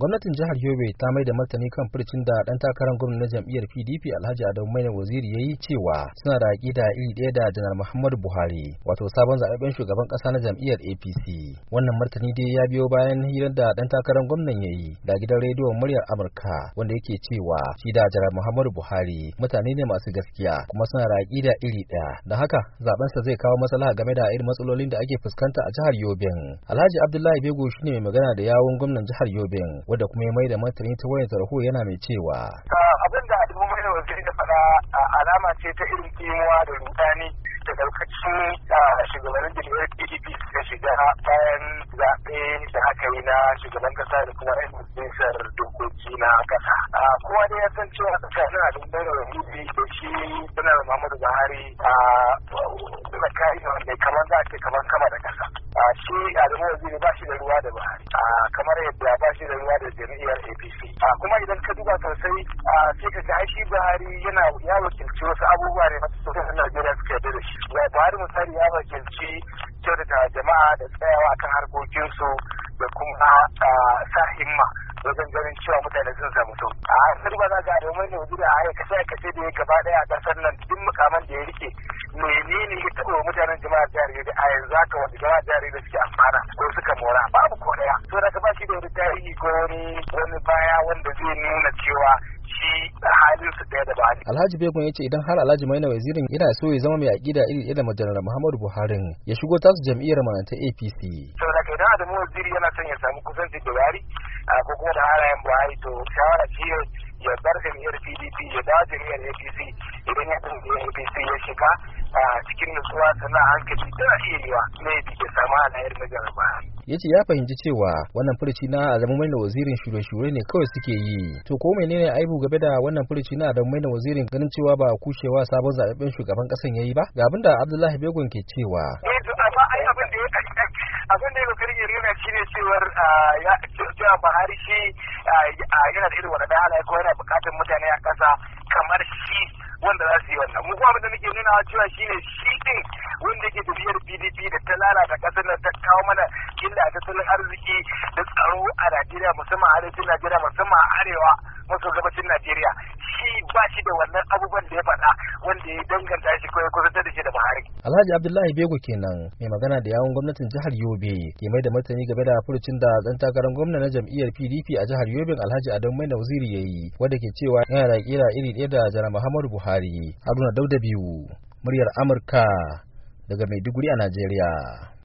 gwamnatin jihar yobe ta mai da martani kan furcin da dan takarar gwamnati na jam'iyyar pdp alhaji adamu maina waziri ya yi cewa suna da aƙida iri ɗaya da janar muhammadu buhari wato sabon zaɓaɓɓen shugaban ƙasa na jam'iyyar apc wannan martani dai ya biyo bayan hirar da dan takarar gwamnan ya yi da gidan rediyon muryar amurka wanda yake cewa shi da janar muhammadu buhari mutane ne masu gaskiya kuma suna da aƙida iri ɗaya da haka zaɓensa zai kawo maslaha game da irin matsalolin da ake fuskanta a jihar yobe alhaji abdullahi bego shine mai magana da yawun gwamnan jihar yobe wadda kuma ya maida martani ta wayar tarho yana mai cewa ah, abin da adamu mai wajen da fada ah, alama ce ta irin kimuwa da rudani da daukacin ah, shugabannin jirgin pdp da shiga bayan zaɓe da haka yi na shugaban kasa da kuma yan majalisar dokoki na kasa kowa ne ya san cewa tsakanin adamu mai waziri da shi da muhammadu buhari a tsakani wanda kamar za a ce kamar kama da kasa shi adamu waziri ba shi da ruwa da buhari kamar yadda ba da jam'iyyar APC. A kuma idan ka duba sosai a sai ka ga Buhari yana ya wakilci wasu abubuwa ne masu sosai na Najeriya suka yi da shi. Buhari misali ya wakilci kyautata jama'a da tsayawa kan harkokinsu da kuma sa himma wajen ganin cewa mutane sun samu sau. A asali ba za ga domin ne wajen da ya kashe kashe da ya gaba daya a ƙasar nan duk mukaman da ya rike menene ya taɓa mutanen jama'a jihar Yobe a yanzu haka wanda su ɗaya da bani. Alhaji Begun ya ce idan har Alhaji Maina Wazirin yana so ya zama mai aƙida iri ɗaya da Majalar Muhammadu Buhari ya shigo tasu jam'iyyar mana ta APC. Saboda ka idan Adamu Waziri yana son ya samu kusanci da Buhari ko kuma da halayen Buhari to shawara ce ya bar jam'iyyar PDP ya dawo jam'iyyar APC idan ya jam'iyyar APC ya shiga cikin nutsuwa sannan hankali tana iya yiwa ne ya samu halayen Majalar Buhari. ya ce ya fahimci cewa wannan furuci na mai na wazirin shure-shure ne kawai suke yi. To ko menene aibu game da wannan furuci na mai na wazirin ganin cewa ba kushewa sabon zaɓen shugaban ƙasan ya yi ba? Ga abin Abdullahi Begon ke cewa. Eh, abin da ya kokari ya nuna shi ne cewar ah, cewa Buhari shi ah, ah, yana da irin wani halaye ko yana bukatar mutane a ƙasa kamar shi wanda za su yi wannan mu kuma da nake nuna cewa ne shi ɗin wanda yake tafiyar PDP da ta lalata kasar nan ta kawo mana killa a tattalin arziki da tsaro a Najeriya musamman arewacin Najeriya musamman arewa maso gabacin Najeriya shi ba shi da wannan abubuwan da ya faɗa wanda ya danganta shi ko ya kusanta da shi da Buhari. Alhaji Abdullahi Bego kenan mai magana da yawun gwamnatin jihar Yobe ke mai da martani game da furucin da zan takarar gwamna na jam'iyyar PDP a jihar Yobe Alhaji Adamu Maina Waziri yayi wanda ke cewa yana da kira iri ɗaya da Jara Muhammadu Buhari. Haruna Dauda biyu muryar Amurka daga Maiduguri a Najeriya.